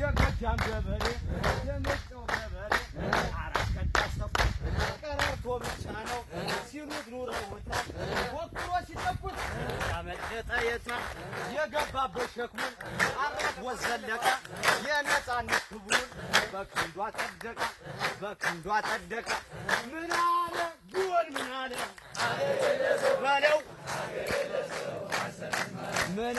የገዳም ገበሬ የመጫው ገበሬ አራት ቀዳሰፉ ቀረርቶ ብቻ ነው ሲሉት ኑረውታል። ወክሮ ሲጠቁት ያመለጠ የታ የገባበት ሸክሙን አራት ወዘለቀ የነፃነት ክብሩን በክንዷ ጠደቀ በክንዷ ጠደቀ ምን አለ ቢሆን ምን አለ በለው ምን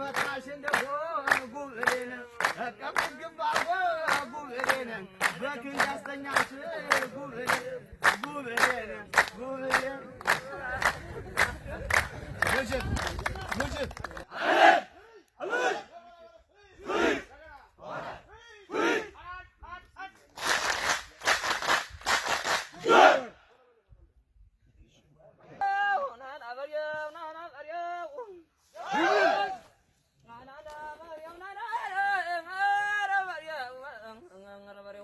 መጣሽን ደፎ ጉብሬን ቀበት ግንባሮ ጉብሬን በክንድ ያስተኛሽ ጉብሬን ጉብሬን ጉብሬን ሙጅት ሙጅት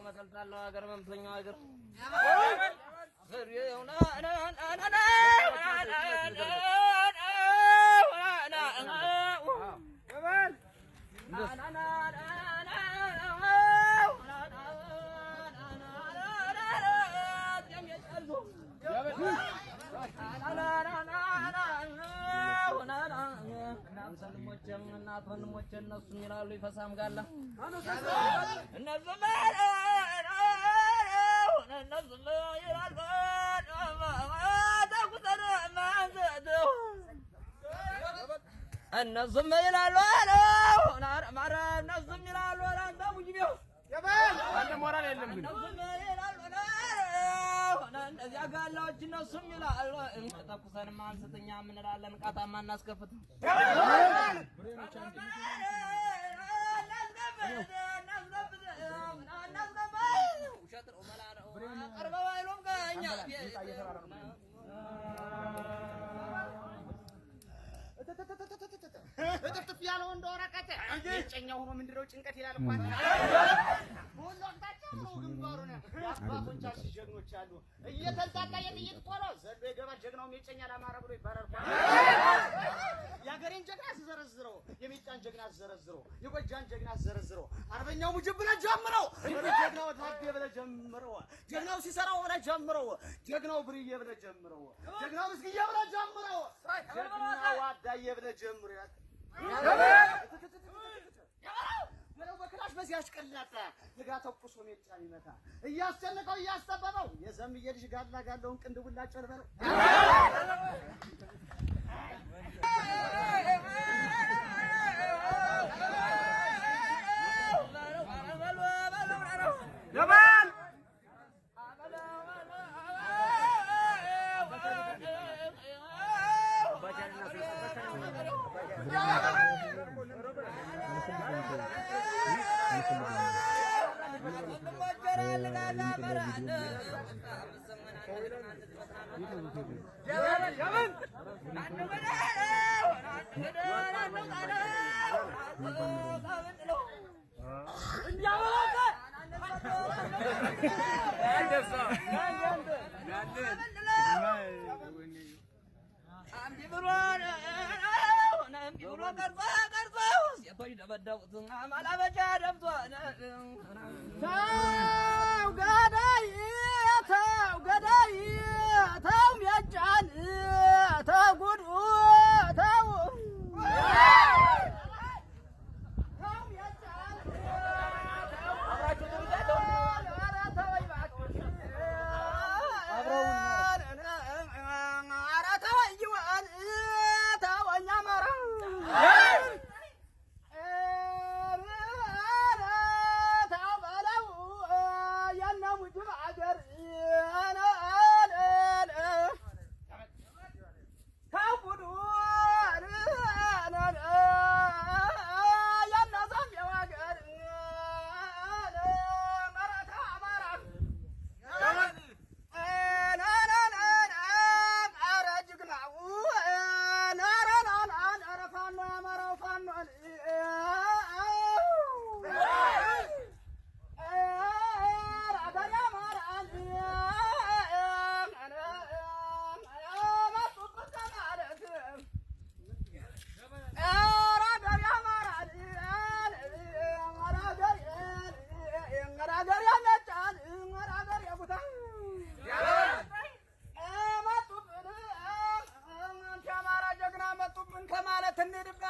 እመሰልታለሁ ሀገር መምሰኛው ሀገር لا لا لا ወንድሞቼም እናት ወንድሞቼ እነሱም ይላሉ ይፈሳም ጋላ እነሱም ይላሉ እነሱም ይላሉ እነሱም ይላሉ የለም ግን ጋላዎች እነሱም ይላል ተኩሰንም አንስት እኛ የምንላለን። ቃጣማ እናስከፍትም እጥፍጥፍ ያለው እንደ ወረቀት ጨኛው ሆኖ ምንድነው ጭንቀት ይላል እኮ ግንባሩን አባቶቻች ጀግኖች አሉ። እየተንጣጣ የጥይት ቆሎ ዘሎ ይገባል። ጀግናውም የጨኛል አማራ ብሎ ይባላል። የአገሬን ጀግና ስዘረዝረው የሚጫን ጀግና ስዘረዝረው የጎጃን ጀግና ስዘረዝረው አርበኛው ሙጅብ ብለህ ጀምረው፣ ጀግናው ታዴ ብለህ ጀምረው፣ ጀግናው ሲሰራው ብለህ ጀምረው፣ ጀግናው ብርዬ ብለህ ጀምረው፣ ጀግናው ምስግዬ ብለህ ጀምረው፣ ጀግናው አዳዬ ብለህ ጀምረው በመቅመስ ያሽቀለጠ ልጋ ተኩሶ ሜጫ ይመታ እያስጨነቀው እያስጠበበው የዘምዬ ልጅ ጋላ ጋለውን ቅንድቡላ ጨርበረ አንዲ ብሎ አንዲ ብሎ ቀርጻ ደበደቡት። ማላበጃ ደብቶ ተው ገዳይ ተው ገዳይ ተው ሚያጫን ተው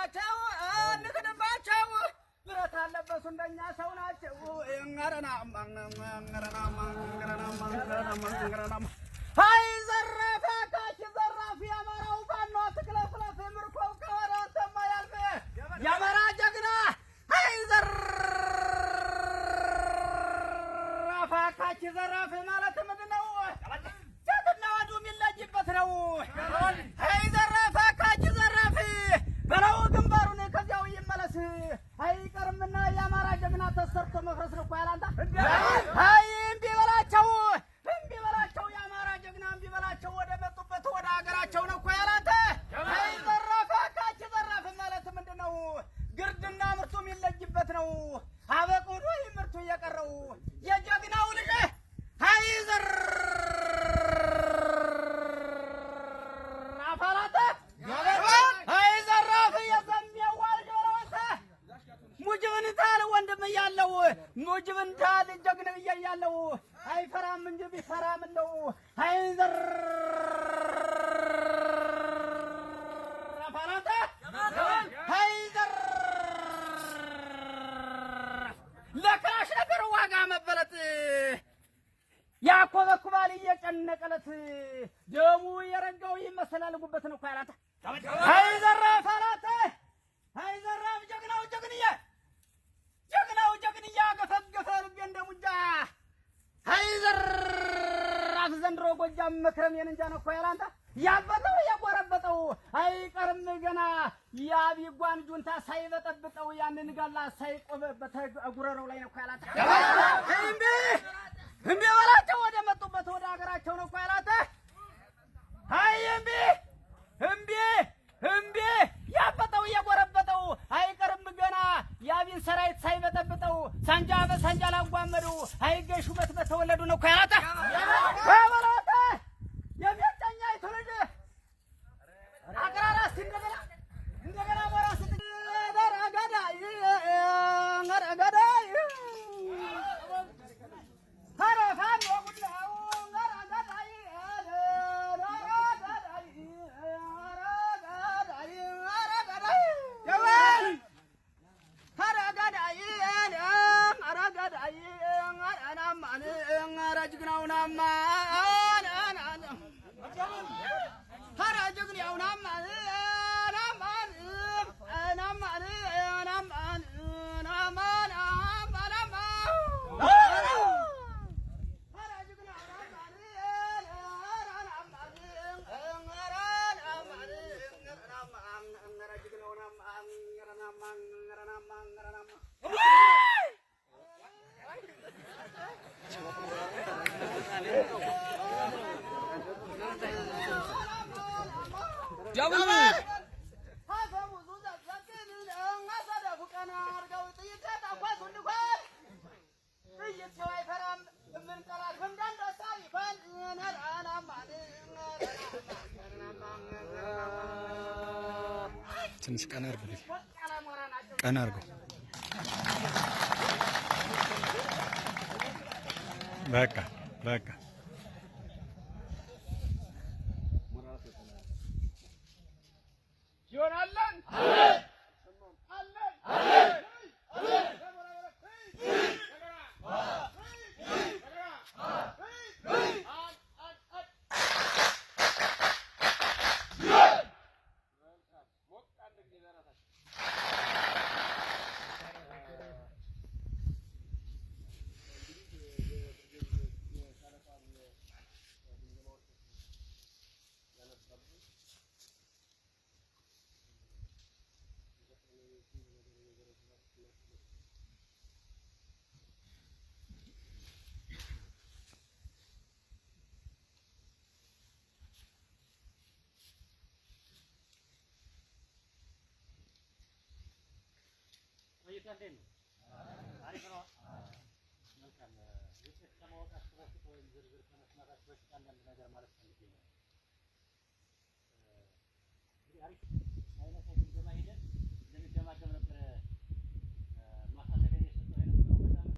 አለባቸው ንክንባቸው ብረት አለበሱ እንደኛ ሰው ናቸው። አይ ዘራፊ አካች ዘራፊ የአማራው ፋኖ አትክለፍለፍ የምርኮው ከሆነ አንተማ ያልፍ የአማራ ጀግና አይ ዘራፊ አካች ዘራፊ ማለት ምንድን ነው? ሴትና ወንዱ የሚለይበት ነው። አይ ዘራፊ አይቀርምና የአማራ ጀግና ተሰርቶ መፍረስ ነው እኮ ያላንታ ልጅ ጀግና እያያለው አይፈራም እንጂ ቢፈራም እንደው አይዘር አፋራተ ለክላሽ ነገር ዋጋ መበለት ያኮበኩባል እየጨነቀለት ደሙ የረጋው ይመስላል ጉበት ነው እኮ ያላታ ያንን ጋላ ሳይቆም በጉረረው ላይ ነው እኮ ያላተ። እንዴ እንዴ በላቸው ወደ መጡበት ወደ ሀገራቸው ነው እኮ አይ እምቢ እምቢ እምቢ ያበጠው እየጎረበጠው አይቀርም ገና ያቢን ሰራዊት ሳይበጠብጠው ሳንጃ በሳንጃ ላጓመደው አይገሹበት በተወለዱ ነው እኮ ትንሽ ቀን አድርጉልኝ። ቀን አድርገው በቃ በቃ ይሆናለን። kan din. Hari kan. Nak kan. Jadi sama orang kat sekolah tu yang jadi kan nak nak kan dan dengan jarak marah sendiri. Eh, jadi hari.